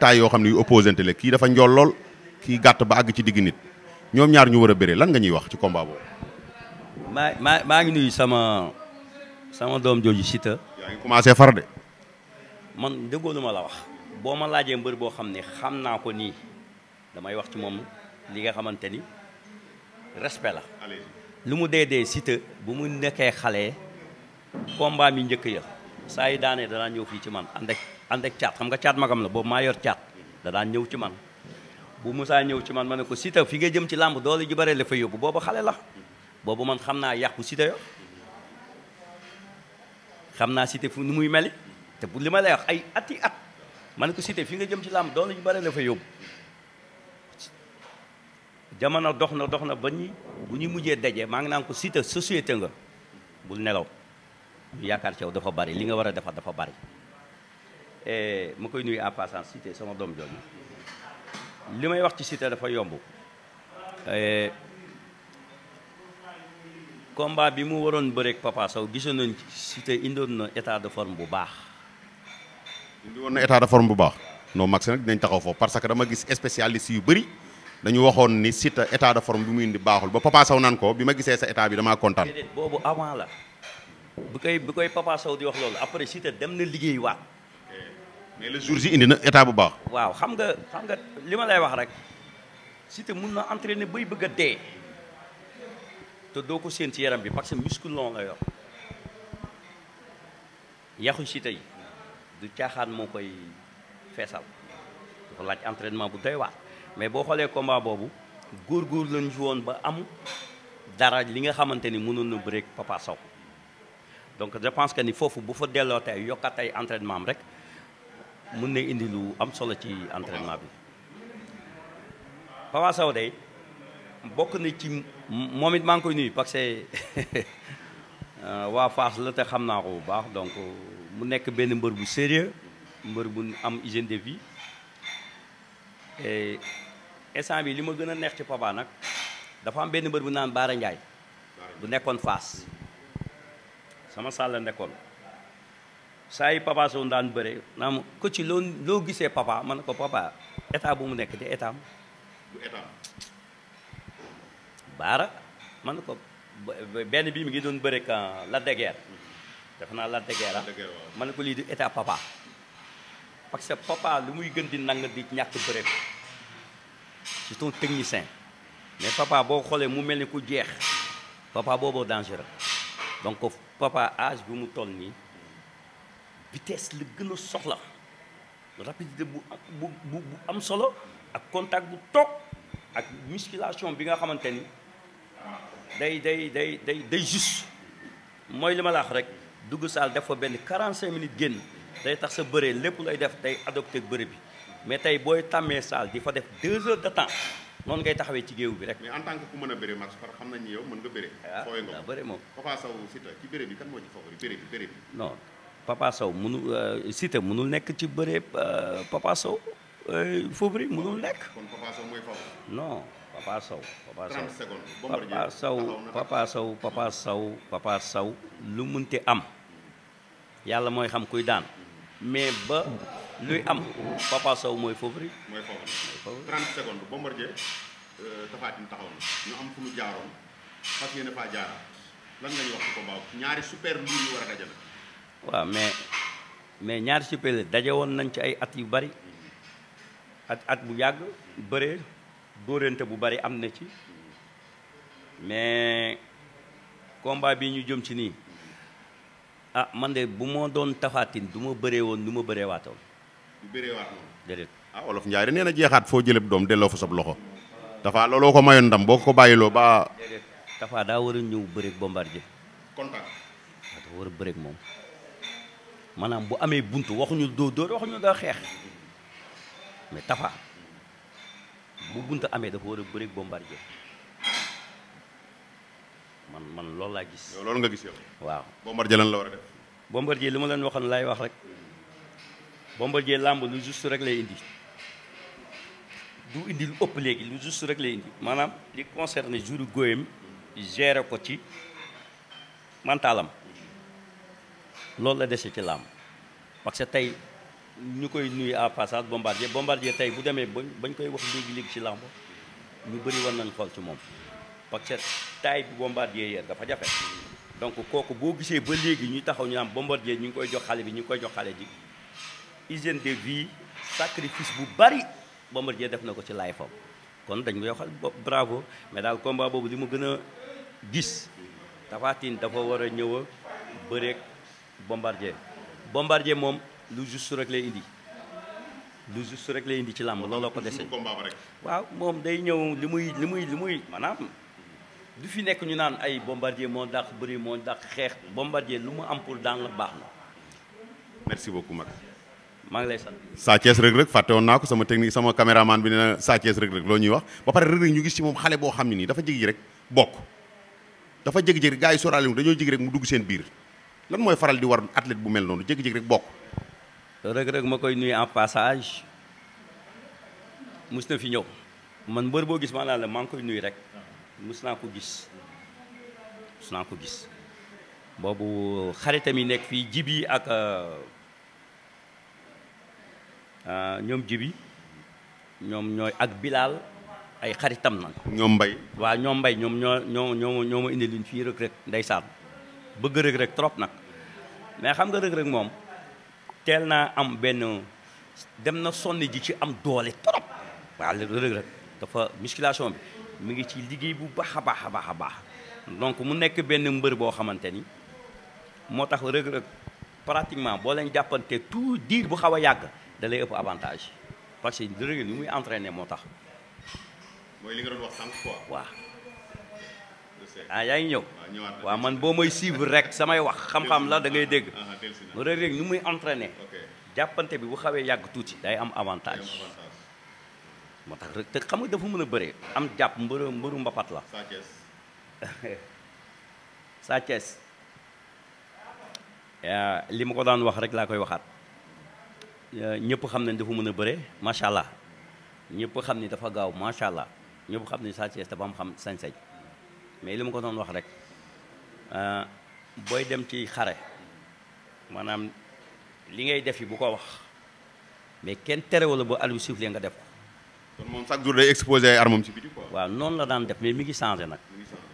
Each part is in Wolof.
taay yoo xam ne yu opposante la kii dafa njool lool kii gàtt ba àgg ci digg nit ñoom ñaar ñu war a bëree lan nga ñuy wax ci combat boobu. maa maa ngi nuyu sama sama doom jooju Siteu. yaa commencé far de. man déggoo lu ma la wax boo ma laajee mbër boo xam ne xam naa ko nii damay wax ci moom li nga xamante ni respect la. lu mu dee dee Siteu bu mu nekkee xale combat mi njëkk ya saa yi daanee danaa ñëw fii ci man ànd ak ànd ak caat xam nga caat magam la boobu maa yor caat da daan ñëw ci man bu Moussa ñëw ci man ma ne ko Siteu fi nga jëm ci làmb doole ji bare la fa yóbbu boobu xale la boobu man xam naa yàqu Siteu yo xam naa Siteu fu nu muy meli te bu li ma lay wax ay ati at ma ne ko Siteu fi nga jëm ci làmb doole ji bare la fa yóbbu jamono dox na dox na ba ñi bu ñuy mujjee daje maa ngi naan ko Siteu société nga bul nelaw ñu yaakaar ci dafa bari li nga war a defar dafa bari Eh, ma koy nuyu en passant cité sama doom jooju li may wax ci cité dafa yomb eh, combat bi mu waroon bëreek Papa Sow gisoon nañ cité indoon na état de form bu baax indi woon na état de forme bu baax non max nag dinañ taxaw foofu parce que dama gis spécialiste yu bëri dañu waxoon ni Siteu état de form bi mu indi baaxul ba Papa Sow naan ko bi ma gisee sa état bi damaa kontaan. boobu avant la bu koy bu koy Papa di wax loolu après Siteu dem na liggéey waat mais le jour ji indi na état bu baax. waaw xam nga xam nga li ma lay wax rek site mun na entraîner bay bëgg a dee te doo ko séen ci yaram bi parce que musculon la yor yaxu Siteu yi du caaxaan moo koy feesal dafa laaj entraînement bu doy waar mais boo xoolee combat boobu góor-góor lañ ci woon ba am dara li nga xamante ni mënoon na bëreek Papa Sow donc de pense que ni foofu bu fa delloo tey yokkat ay entraînement rek. mun na indi lu am solo ci entraînement bi Papa Sow day bokk na ci moom it maa ngi koy nuyu parce que euh, waa Fass la te xam naa ko bu baax donc mu nekk benn mbër bu sérieux mbër bu am hygiène de vie et instant bi li ma gën a neex ci Papa nag dafa am benn mbër bu naan Baara Ndiaye bu nekkoon faas sama salle la nekkoon sai papa so dan bere nam kuchi lo lo gise papa man ko papa eta bu mu nek de etam eta bara man ko ben bi mi ngi don bere ka la de guerre def na la de guerre man ko li eta papa parce que papa lu muy gën di nang di ñak bere ci ton technicien mais papa bo xolé mu melni ku jeex papa bobo dangereux donc papa âge bu mu toll ni vitesse la gën a soxla rapidité bu bu bu am solo ak contact bu toog ak musculation bi nga xamante ni day day day day day juste mooy li ma la wax rek dugg saal def fa benn 45 minutes génn day tax sa bëree lépp lay def day adopté bëre bi mais tey booy tàmmee saal di fa def 2 heures de temps noonu ngay taxawee ci géew bi rek. mais en ku mën a bëree Max par xam nañ ni yow mën nga bëree. Ah, fooy bëre moom. Papa Sow Siteu ci bëree bi kan moo ci favori bëree Papa Sow munu euh, Siteu munul nekk ci bëree euh, Papa Sow Fobri munul nekk. kon Papa Sow mooy favori. non Papa Sow. Papa Sow 30 secondes. Papa Sow Papa Sow Papa Sow lu munti am yàlla mooy xam kuy daan mais ba luy am Papa Sow mooy favori. mooy favori 30 secondes Bombardier euh, taxaw na ñu am fu mu jaaroon fas yéene faa jaaraat lan nga ñu wax ci combat ñaari super luy war a dajale. waa mais mais ñaari super daje woon nañ ci ay at yu bari at at bu yàgg bëree dóorante bu bari am na ci mais combat bii ñu jëm ci nii ah man de bu ma doon tafaatin du ma bëree woon du ma bëree waatoon. du bëree waat moom déedéet. Ah, jeexaat foo jëleb doom delloo fa sab loxo. Tafa ko mayoon ndam boo ko bàyyiloo ba. déedéet Tafa daa war a ñëw bëreeg bombardier. contact. daa war a bëreeg moom. maanaam bu amee buntu waxuñu doo dóor waxuñu daa xeex mais Tapha bu buntu amee dafa war a bëri bombardier man man loolu laa gis. yow loolu nga gis yow. waaw bombardier lan la war a def. bombardier li ma leen waxoon laay wax rek bombardier làmb lu juste rek lay indi du indi lu ëpp léegi lu juste rek lay indi maanaam li concerné jour góoyam géré ko ci mentalam. loolu la dese ci làmb parce que tey ñu koy nuyu à passage bombardier bombardier tey bu demee ba bañ koy wax léegi-léegi ci làmb ñu bëri war nañ xool ci moom parce que taay bi bombardier yéen dafa jafe donc kooku boo gisee ba léegi ñu taxaw ñu am bombardier ñu ngi koy jox xale bi ñu ngi koy jox xale ji hygiène de vie sacrifice bu bari bombardier def na ko ci laay fam kon dañ koy waxal bravo mais daal combat boobu li mu gën a gis Tapha Tine dafa war a ñëw a bombardier bombardier moom lu juste rek lay indi lu juste rek lay indi ci làmb looloo ko dese waaw moom day ñëw li muy li muy li maanaam du fi nekk ñu naan ay bombardier moo dàq bëri moo dàq xeex bombardier lu mu am pour daan la baax na merci beaucoup mag maa ngi lay sant Sa Thiès Reug Reug fàtte woon naa ko sama technique sama caméraman bi nee na Sa Thiès loo ñuy wax ba pare Reug Reug ñu gis ci moom xale boo xam ne nii dafa jigi rek bokk dafa jégi-jégi gaa yi sóoraale dañoo jigi rek mu dugg seen biir lan mooy faral di war athlète bu mel noonu jékki-jékki rek bokk. rëg-rëg ma koy nuyu en passage mus na fi ñëw. man mbër boo gis maanaam la maa ngi koy nuy rek mus naa ko gis mus ko gis boobu xaritam yi nekk fii yi ak euh, euh, ñoom jibi ñoom ñooy ak bilaal ay xaritam na ñoom mbay waa ñoom mbay ñoom ñoo ñoo ñoo ñoo ma indi liñ fii rëg-rëg ndeysaan bëgg Reug Reug trop nag mais xam nga Reug Reug moom teel naa am benn dem na sonn ji ci am doole trop waaw Reug Reug dafa musculation bi mu ngi ci liggéey bu baax a baax a baax a baax donc mu nekk benn mbër boo xamante ni moo tax Reug Reug pratiquement boo leen jàppante tout diir bu xaw a yàgg da ëpp avantage parce que Reug Reug ni muy entraîné moo tax. mooy li nga doon wax sànq quoi. waaw. ah yaa ngi ñëw ah, waaw man boo may suivre rek samay wax xam-xam la dangay dégg ah, ah, mu rek rek ni muy entraîné jàppante bi bu xawee yàgg tuuti day am avantage moo tax rek te xam nga dafa mën a bëree am jàpp mbëru mbëru mbapat la Sa Thiès li ma ko daan wax rek laa koy waxaat ñëpp xam ne dafa mën a bëre macha allah ñëpp xam ni dafa gaaw macha allah ñëpp xam ni Sa Thiès dafa sañ-sañ mais li ma ko doon wax rek euh, booy dem ci xare maanaam li ngay def yi bu ko wax mais kenn tere la bu àll bi soufflé nga def ko. moom chaque jour day ci biti quoi. waaw noonu la daan def mais mi ngi changé nag.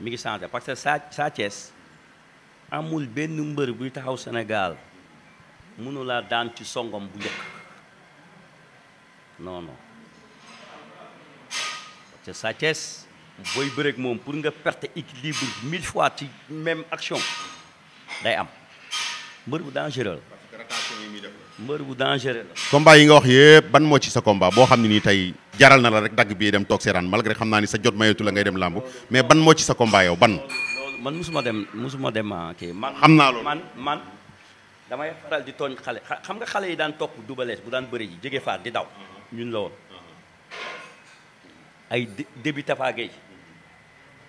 mi ngi changé parce que Sa Sa amul benn mbër buy taxaw Sénégal mënu laa daan ci songom bu njëkk non non parce que boy bëreeg mom pour nga perte équilibre mille fois ci même action day am mbër bu dangereux la mbër bu dangereux la combat yi nga wax yépp ban mo ci sa combat bo xamni ni tay jaral na la rek dag bi dem tok seeraan malgré xamna ni sa jot mayatu la ngay dem làmb mais ban mo ci sa combat yow ban man musuma dem musuma dem ah, kii man xam naa man man damay faral di togn xalé xam nga xalé yi daan top dubalees bu daan bëri ji jóge faar di daw mm-hmm. ñun la woon ay début Tafa Gueye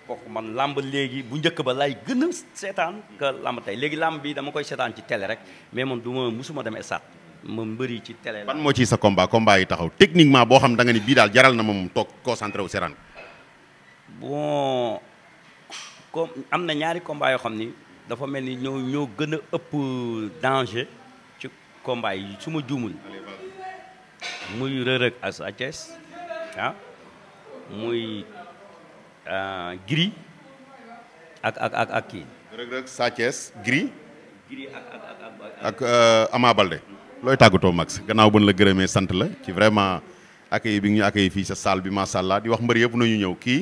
kooku man làmb léegi bu njëkk ba lay gën seetaan que làmb tey léegi làmb bii dama koy seetaan ci télé rek mais man du ma musuma dem stade ma mbëri ci tele ban moo ciy sa combat yi taxaw techniquement boo xam ne nga ni bii daal jaral na moom toog concentré wu seetaan bon am na ñaari combat xam ni dafa mel ni ñoo ñoo gën a ëpp danger ci combat yi su ma juumul muy Reug Reug ak Sa ah. muy euh, gris ak ak ak ak kii. Reug Reug Sa Thiès ak ak ak ak euh, looy tàggatoo Max gannaaw bu la gërëmee sant la ci vraiment accueil bi ñu accueil fii sa salle bi macha allah di wax mbër yëpp nañu ñëw kii.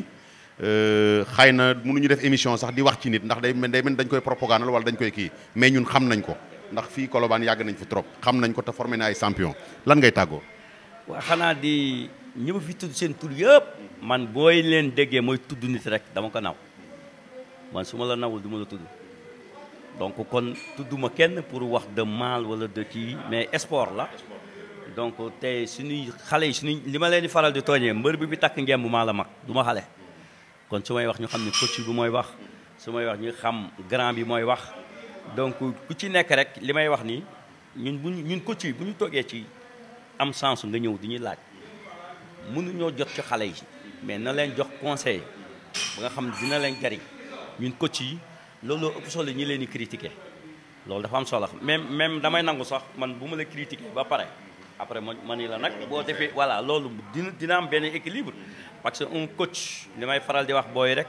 Euh, xëy na mu nu ñu def émission sax di wax ci nit ndax day day mel dañ koy propagandal wala dañ koy kii mais ñun xam nañ ko ndax fii kolobaan yàgg nañ fa trop xam nañ ko te formé na ay champion lan ngay tàggoo. ñi fi tudd seen tur yëpp man booy leen déggee mooy tudd nit rek dama ko naw man su ma la nawul du ma la tudd donc kon tudduma kenn pour wax de mal wala de kii mais espoir la donc tey suñuy xale yi suñuy li ma leen di faral di tooñee mbër bi bi takk ngemb maa la mag du ma xale kon su may wax ñu xam ne coach bi mooy wax su may wax ñu xam grand bi mooy wax donc ku ci nekk rek li may wax ni ñun bu ñun coach bu ñu toogee ci am sens nga ñëw di ñuy laaj mun ñoo jot ci xale yi mais na leen jox conseil ba nga xam dina leen jariñ ñun coach yi looloo ëpp solo ñi leen di critiquer loolu dafa am solo même même damay nangu sax man bu ma la critiquer ba pare après ma ma ni la nag boo defee voilà loolu dina dina am benn équilibre parce que un coach li may faral di wax booy rek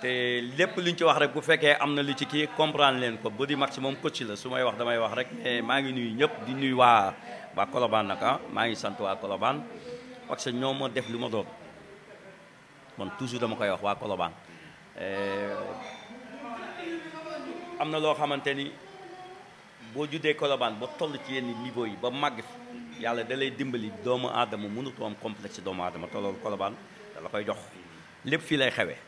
te lépp lu ñu ci wax rek bu fekkee am na lu ci kii comprendre leen ko body max moom coach la su may wax damay wax rek maa ngi nuy ñëpp di nuy waa waa kolobaan nag ah maa ngi sant waa Colobane parce que ñoo ma def li ma doon man toujours dama koy wax waa Colobane eh, am na loo xamante ni boo juddee Colobane ba toll ci yenn niveau yi ba màgg fi yàlla da lay dimbali doomu aadama mënutoo am complexe doomu aadama te loolu Colobane la koy jox lépp fii lay xewee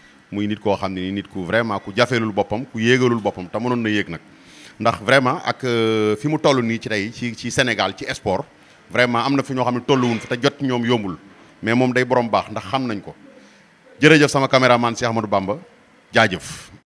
muy nit koo xam ne ni nit ku vraiment ku jafeelul boppam ku yéegalul boppam te mënoon na yéeg nag ndax vraiment ak euh, fi mu toll nii ci tey ci ci Sénégal ci sport vraiment am na fi ñoo xam ne tolluwun fa te jot ñoom yombul mais moom day borom baax ndax xam nañ ko jërëjëf sama man caméraman Cheikh Ahmadou Bamba jaajëf